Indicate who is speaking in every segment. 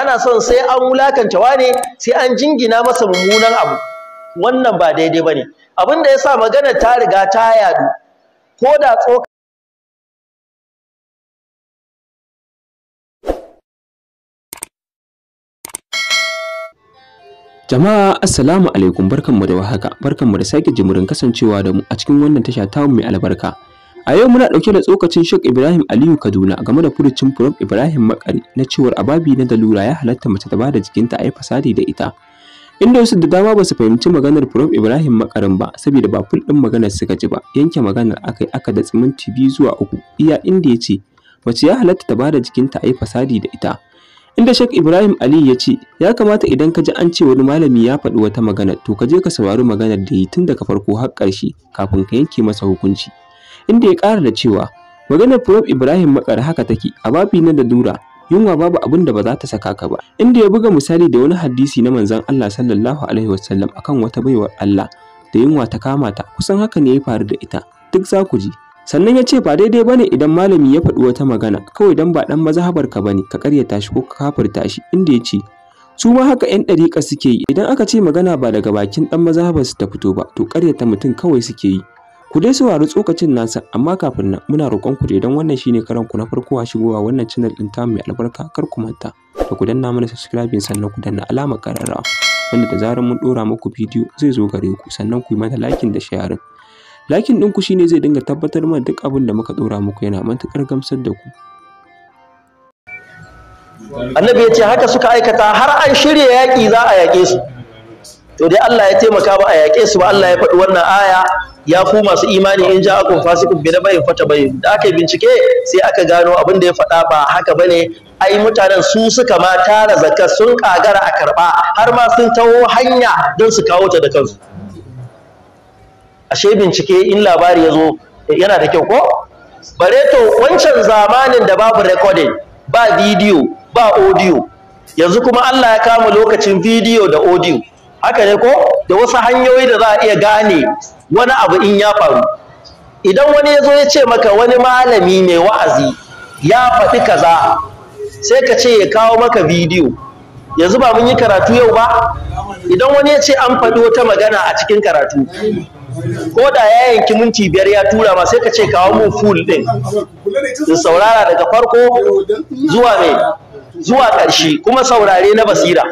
Speaker 1: ana son sai an wulakanta wane sai an jingina masa mummunan abu wannan ba daidai bane abin da yasa magana ta riga ta yadu ko da tsoka
Speaker 2: Jama'a assalamu alaikum barkanmu da warhaka barkanmu da sake jimurin kasancewa da mu a cikin wannan tasha ta mai albarka A yau muna ɗauke da tsokacin Sheikh Ibrahim Aliyu Kaduna game da furucin Prof Ibrahim Makari na cewar ababi na dalura ya halatta mace ta bada jikinta a yi fasadi da ita. Inda wasu da dama ba su fahimci maganar Prof Ibrahim Makarin ba saboda ba ful ɗin maganar suka ji ba yanke maganar aka aka da tsiminti biyu zuwa uku iya inda ya ce mace ya halatta ta bada jikinta a yi fasadi da ita. Inda Sheikh Ibrahim Aliyu ya ce ya kamata idan ka ji an ce wani malami ya faɗi wata magana to ka je ka saurari maganar da yi tun daga farko har ƙarshe kafin ka yanke masa hukunci. inda ya ƙara da cewa maganar Prof Ibrahim Makar haka take a babi na da dura yunwa babu abin da ba za ta saka ka ba inda ya buga misali da wani hadisi na manzon Allah sallallahu alaihi wasallam akan wata baiwar Allah da yunwa ta kama ta kusan haka ne ya faru da ita duk za ku ji sannan ya ce ba daidai bane idan malami ya faɗi wata magana kawai dan ba dan mazhabar ka bane ka karyata shi ko ka kafirta shi inda ya ce su ma haka yan ɗariƙa suke yi idan aka ce magana ba daga bakin dan mazhabar su ta fito ba to ta mutum kawai suke yi Ku dai saurari tsokacin nasa amma kafin nan muna roƙon ku dai don wannan shine karan ku na farko a shigowa wannan channel din tamu mai albarka kar ku manta da ku danna mana subscribe sannan ku danna alamar ƙararrawa wanda da zarar mun dora muku bidiyo zai zo gare ku sannan ku yi mana liking da sharing. Liking ɗinku shine zai dinga tabbatar mana duk abin da muka dora muku yana matukar gamsar da ku.
Speaker 1: annabi ya ce haka suka aikata har an shirya yaƙi za a yaƙe su to dai Allah ya taimaka ba a yaƙe su ba Allah ya faɗi wannan aya ya ku masu imani in ja akun fasikun bi nabayin fata bayin da aka yi bincike sai aka gano abin da ya faɗa ba haka bane ai mutanen su suka ma tara zakka sun kagara a karba har ma sun taho hanya don su kawo ta da kansu ashe bincike in labari ya zo eh, yana da kyau ko bare to wancan zamanin da babu recording ba video ba audio yanzu kuma Allah ya kama lokacin video da audio haka ne ko da wasu hanyoyi da za a iya gane wani abu in ya faru idan wani ya zo ya ce maka wani malami mai wa'azi ya faɗi kaza sai ka ce ya kawo maka bidiyo yanzu ba mun yi karatu yau ba idan wani ya ce an faɗi wata magana a cikin karatu ko da ya yanki minti biyar ya tura ma sai ka ce kawo mun full ɗin in saurara daga farko zuwa mai zuwa ƙarshe kuma saurare na basira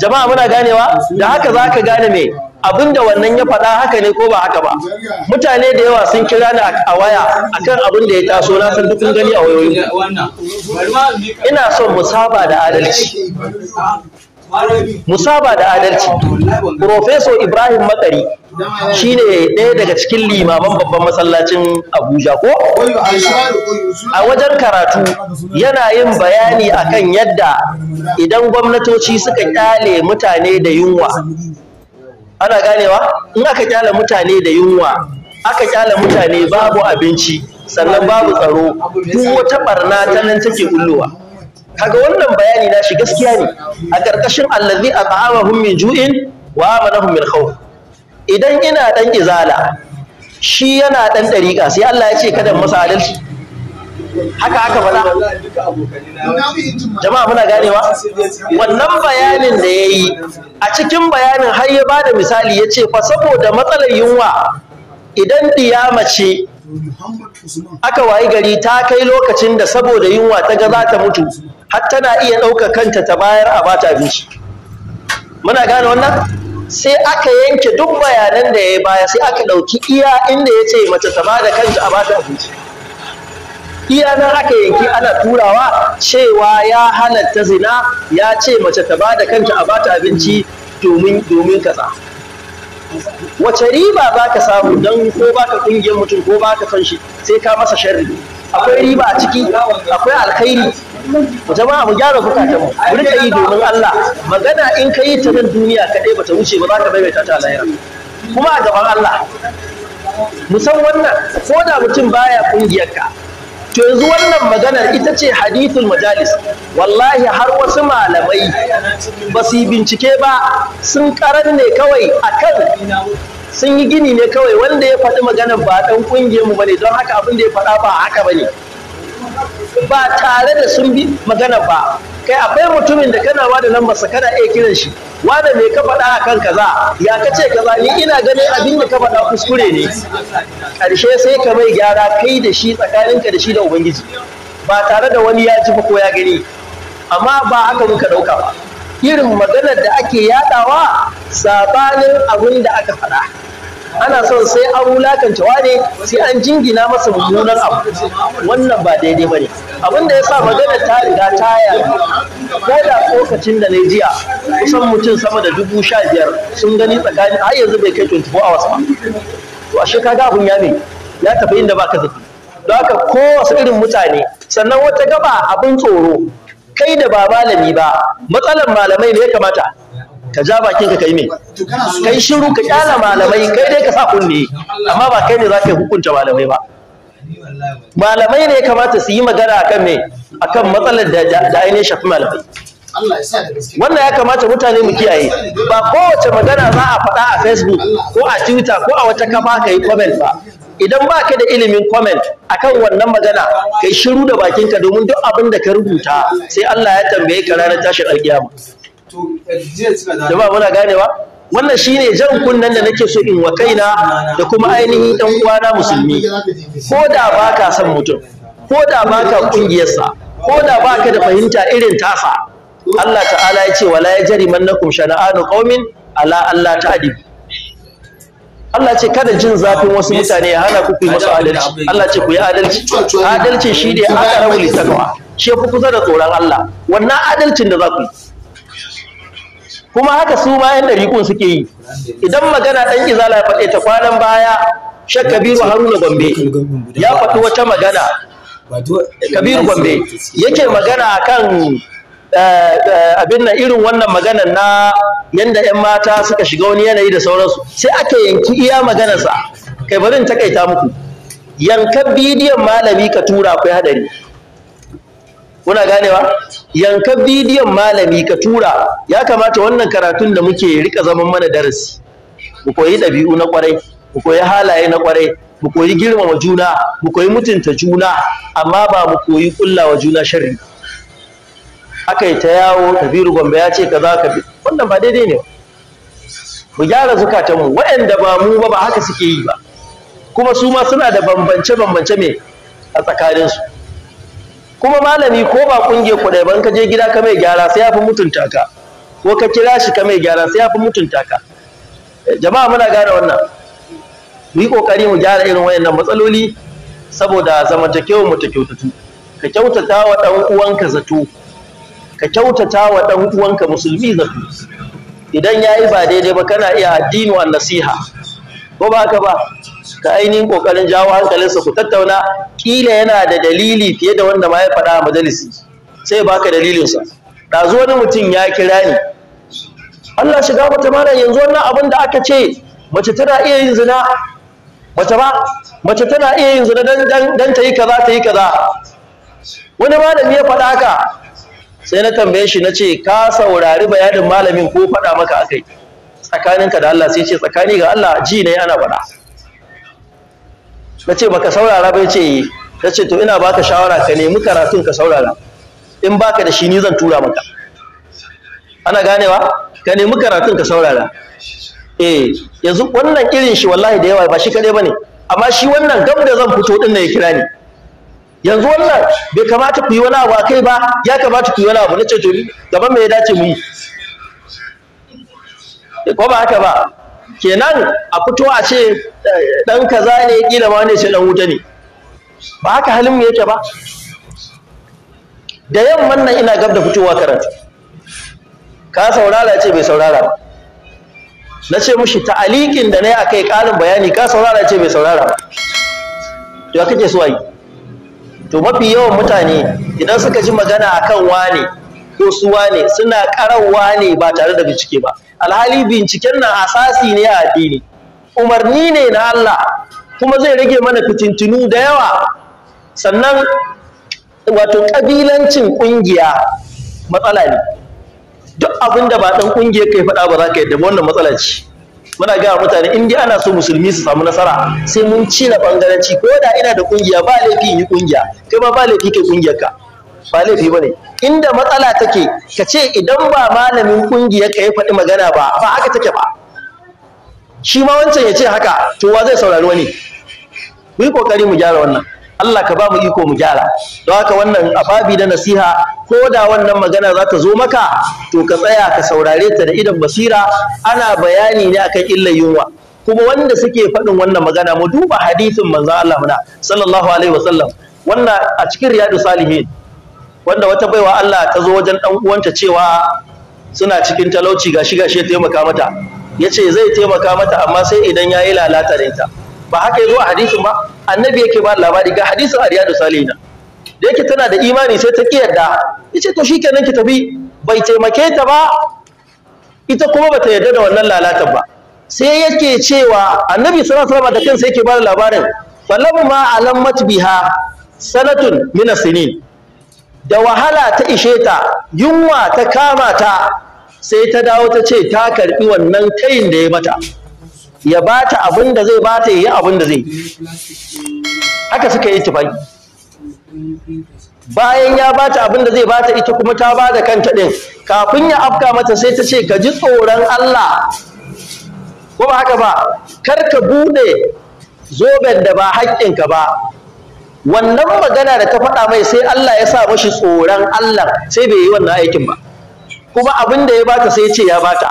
Speaker 1: jama'a muna ganewa da haka za ka gane me abinda wannan ya faɗa haka ne ko ba haka ba mutane da yawa sun kira ni a waya akan abin da ya taso na san duk gani a wayoyin
Speaker 2: ina son mu saba da adalci
Speaker 1: musaba da adalci profeso ibrahim makari shine ɗaya daga cikin limaman babban masallacin abuja ko
Speaker 2: a wajen karatu yana yin bayani akan
Speaker 1: yadda idan gwamnatoci suka kyale mutane da yunwa ana ganewa in aka kyale mutane da yunwa aka kyale mutane babu abinci sannan babu tsaro duk wata ɓarna ta nan take kullowa kaga wannan bayani na shi gaskiya ne a ƙarƙashin allazi at'amahum min ju'in wa amanahum min khawf idan ina dan izala shi yana dan dariƙa sai Allah ya ce kada masa adalci haka aka faɗa jama'a muna ganewa wannan bayanin da yayi a cikin bayanin har ya bada misali ya ce fa saboda matsalar yunwa idan diyama mace aka wayi gari ta kai lokacin da saboda yunwa ta ga za ta mutu har tana iya ɗaukar kanta ta bayar a bata abinci muna gane wannan sai aka yanke duk bayanan da ya baya sai aka ɗauki iya inda ya ce mace ta bada kanta a bata abinci iya nan aka yanki ana turawa cewa ya halatta zina ya ce mace ta bada kanta a bata abinci domin domin kaza wace riba za ka samu don ko ba ka kungiyar mutum ko ba ka son shi sai ka masa sharri akwai riba a ciki akwai alkhairi jama'a mu gyara bukatan mu rika yi domin Allah magana in ka yi ta nan duniya kaɗai bata wuce ba za ka maimaita ta lahira kuma a gaban Allah mu san wannan ko da mutum baya kungiyar ka to yanzu wannan maganar ita ce hadithul majalis wallahi har wasu malamai ba su yi bincike ba sun karar ne kawai akan sun yi gini ne kawai wanda ya faɗi maganar ba ɗan ƙungiyar mu bane don haka abin da ya faɗa ba haka bane ba tare da sun bi maganar ba kai akwai mutumin da kana ba da lambarsa kana iya kiran shi wane me ka faɗa a kan kaza ya ka ce kaza ni ina ganin abin da ka faɗa kuskure ne ƙarshe sai ka mai gyara kai da shi tsakaninka da shi da ubangiji ba tare da wani ya ji ko ya gani amma ba haka muka ɗauka ba irin maganar da ake yaɗawa sabanin abin da aka faɗa
Speaker 2: ana son sai an
Speaker 1: wulakanta wane sai an jingina masa mummunan abu wannan ba daidai ba ne abin da ya sa magana ta riga ta ko da lokacin da na jiya kusan mutum sama da dubu sha biyar sun gani tsakanin har yanzu bai kai 24 hours ba to ashe ga abun ya ne ya tafi inda baka zafi don haka kowace irin mutane sannan wata gaba abin tsoro kai da ba malami ba matsalar malamai ne ya kamata ka ja bakinka kai me kai shiru ka kyala malamai kai dai ka sa kunne amma ba kai ne za ka hukunta malamai ba malamai ne kamata su yi magana akan me akan matsalar da ainihin shafi malamai wannan ya kamata mutane mu kiyaye ba kowace magana za a faɗa a facebook ko a twitter ko a wata kafa ka yi comment ba idan ba ka da ilimin comment akan wannan magana kai shiru da bakinka domin duk abin da ka rubuta sai Allah ya tambaye ka ranar tashin alkiyama jama'a muna ganewa wannan shine jan kunnen da nake so in wa kaina da kuma ainihin ɗan uwana musulmi ko da ka son mutum ko da ka kungiyarsa ko da ka da fahimta irin tasa Allah ta'ala ya ce wala mannakum shana'anu qaumin ala Allah ta'dibu Allah ce kada jin zafin wasu mutane ya hana ku yi masa adalci Allah ce ku yi adalci adalci shi ne aka rawu litanwa shi ku kusa da tsoron Allah wannan adalcin da za ku yi kuma haka su ma yan ɗariƙun suke yi idan magana ɗan izala ya faɗe ta kwanan baya shan kabiru haruna gombe ya faɗi wata magana kabiru gombe yake magana akan eh, eh, abin nan irin wannan magana na yanda yan mata suka shiga wani yanayi da sauransu sai aka yanki iya maganarsa kai bari in takaita muku yankan bidiyon malami ka tura akwai haɗari kuna ganewa yanka bidiyon malami ka tura ya kamata wannan karatun da muke rika zaman mana darasi mu koyi ɗabi'u na kwarai mu koyi halaye na kwarai mu koyi girmama juna mu koyi mutunta juna amma ba mu koyi kullawa juna sharri aka yi ta yawo kabiru gombe ya ce kaza ka bi wannan ba daidai ne mu gyara zukatanmu waɗanda ba mu ba ba haka suke yi ba kuma su ma suna da bambance bambance me a tsakaninsu kuma malami ko ba kungiyar ku ɗaya ba in ka je gida ka mai gyara sai ya fi mutunta ka ko ka kira shi ka mai gyara sai ya fi mutunta ka eh, jama'a muna gane wannan mu yi kokari mu gyara irin wayannan matsaloli saboda zamantakewar mu ta kyautatu ka kyautata wa dan uwanka zato ka kyautata wa dan uwanka musulmi zato idan yayi ba daidai ba kana iya addini wa nasiha ko ba haka ba ka ainihin kokarin jawo hankalinsa ku tattauna kila yana da dalili fiye da wanda ma ya faɗa a majalisi sai baka dalilinsa ɗazu wani mutum ya kira ni Allah shiga mata mara yanzu wannan abin da aka ce mace tana iya yin zina mace ba mace tana iya yin zina dan dan ta yi kaza ta kaza
Speaker 2: wani malami ya faɗa haka
Speaker 1: sai na tambaye shi na ce ka saurari bayanin malamin ko faɗa maka akai tsakaninka da Allah sai ce tsakani ga Allah ji ne ana faɗa na ce baka saurara ba ya ce eh. na ce to ina baka shawara ka nemi karatun ka saurara in baka da shi ni zan tura maka ana ganewa ka nemi karatun ka saurara eh yanzu wannan irin shi wallahi da yawa ba shi kadai bane amma shi wannan gam da zan fito din ne ya kira ni yanzu wannan bai kamata ku yi wani abu kai ba ya kamata ku yi wani abu na ce to gaban me ya dace mu yi eh, ko ba haka ba kenan a fito a ce dan eh, kaza ne ƙila ma ne ce dan wuta ne ba haka halin mu yake ba da yamman nan ina gab da fitowa karatu ka saurara ce bai saurara ba na ce mushi ta'alikin da na yi a kai ƙarin bayani ka saurara ce bai saurara ba to ya kake so yi to mafi yawan mutane idan suka ji magana akan wane ko ne suna karawa ne ba tare da bincike ba alhali binciken na asasi ne a addini umarni ne na Allah kuma zai rage mana fitintinu da yawa sannan wato kabilancin kungiya matsala ne duk abin da ba dan kungiya kai faɗa ba za ka yadda wannan matsala ce muna gaya mutane in dai ana so musulmi su samu nasara sai mun cire bangaranci ko da ina da kungiya ba laifi yi kungiya kai ma ba laifi kai kungiyarka ba laifi bane inda matsala take ka ce idan ba malamin kungiyar ka ya faɗi magana ba ba haka take ba shi ma wancan ya ce haka to wa zai saurari wani mu yi kokari mu gyara wannan Allah ka ba mu iko mu gyara don haka wannan ababi da nasiha ko da wannan magana za ta zo maka to ka tsaya ka saurare ta da idan basira ana bayani ne akan illa yunwa kuma wanda suke faɗin wannan magana mu duba hadisin manzo Allah muna sallallahu alaihi wasallam wannan a cikin riyadu salihin wanda wata baiwa Allah ta zo wajen dan uwanta cewa suna cikin talauci gashi gashi ya taimaka mata yace zai taimaka mata amma sai idan ya yi lalata da ita ba haka yazo a hadisin ba annabi yake ba labari ga hadisin Ariyadu salina da yake tana da imani sai ta kiyarda yace to shikenan ki tafi bai taimake ta ba ita kuma bata yarda da wannan lalatar ba sai yake cewa annabi sallallahu alaihi wasallam da kansa yake ba labarin ma alammat biha sanatun min as-sinin da wahala ta ishe ta yunwa ta kama ta sai ta dawo ta ce ta karbi wannan kayin da ya mata ya ba ta abin da zai ta ya yi abin da zai haka suka yi tufai bayan ya ba ta abin da zai ba ta ita kuma ta ba da kanta ɗin, kafin ya afka mata sai ta ce ka ji tsoron Allah ko ba haka ba kar ka bude zoben da ba haƙƙinka ba wannan magana da ta faɗa mai sai Allah ya sa mashi tsoron Allah sai bai yi wannan aikin ba kuma abin da ya bata sai ce ya bata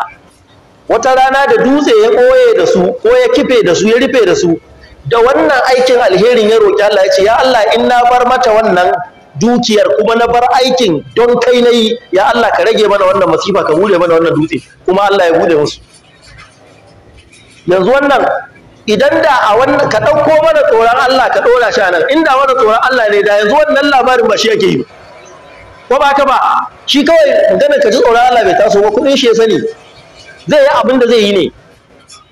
Speaker 1: wata rana da dutse ya koye da su ko ya kife da su ya rufe da su da wannan aikin alherin ya roƙi Allah ya ce ya Allah in na bar mata wannan dukiyar kuma na bar aikin don kai na yi ya Allah ka rage mana wannan masifa ka bude mana wannan dutse kuma Allah ya bude musu yanzu wannan idan da a wannan ka ɗauko mana tsoron Allah ka ɗora shi a nan inda mana tsoron Allah ne da yanzu wannan labarin ba shi yake yi ko ba ka ba shi kawai maganar ka ji tsoron Allah bai taso ba kuɗin shi ya sani zai yi abin da zai yi ne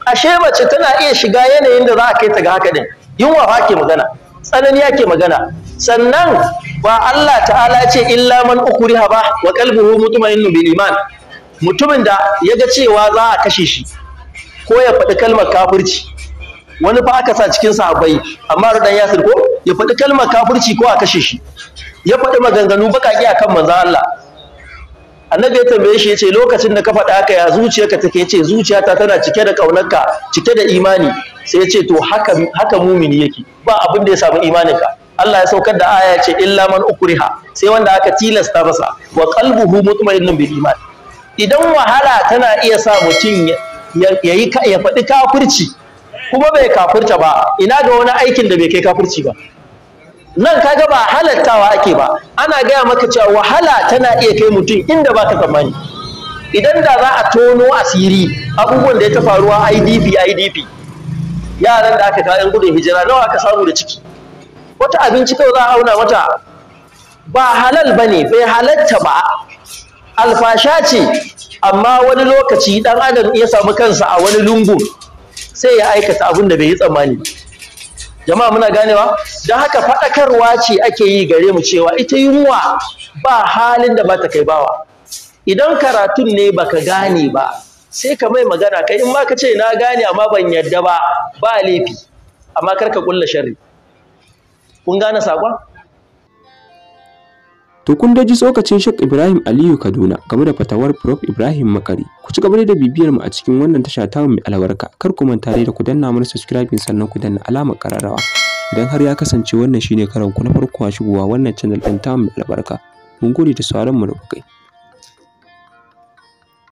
Speaker 1: ashe mace tana iya shiga yanayin da za a kai ta ga haka din yunwa fa ke magana tsanani ke magana sannan ba Allah ta'ala ce illa man ukriha ba wa qalbuhu mutmainnu bil iman mutumin da ya ga cewa za a kashe shi ko ya faɗi kalmar kafirci wani fa aka sa cikin sahabbai amma rudan yasir ko ya faɗi kalmar kafirci ko a kashe shi ya faɗi maganganu baƙaƙe akan manzon Allah annabi ya tambaye shi yace lokacin da ka faɗa haka ya zuciyarka take yace zuciyata tana cike da kaunarka cike da imani sai yace to haka haka mumini yake ba abin da ya samu ka Allah ya saukar da aya yace illa man ukriha sai wanda aka tilasta masa wa qalbuhu mutma'innun bil iman idan wahala tana iya sa mutum ya ya faɗi kafirci kuma bai kafirta ba ina ga wani aikin da bai kai kafirci ba nan kaga ba halattawa ake ba ana gaya maka cewa wahala tana iya kai mutum inda ba ka tsammani idan da za a tono asiri abubuwan da ya ta faruwa IDP IDP yaran da aka kawo yan gudun hijira nawa ka samu da ciki wata abinci kawai za a auna mata ba halal bane bai halatta ba alfasha ce amma wani lokaci dan adam ya samu kansa a wani lungu sai ya aikata abin da bai yi tsammani jama'a muna ganewa don haka faɗakarwa ce ake yi gare mu cewa ita yunwa ba halin da ba ta kai bawa idan karatun ne baka gane ba sai ka mai magana kai in ma ka ce na gane amma ban yarda ba ba laifi amma kar ka kulla sharri kun gane sakon
Speaker 2: To kun da ji tsokacin Sheikh Ibrahim Aliyu Kaduna game da fatawar Prof Ibrahim Makari. Ku ci gaba da bibiyar mu a cikin wannan tasha ta mu mai albarka. Kar ku manta da ku danna mana subscribing sannan ku danna alamar kararrawa. Idan har ya kasance wannan shine karan ku na farko a shigowa wannan channel din ta mu mai albarka. Mun gode da sauraron mu da kai.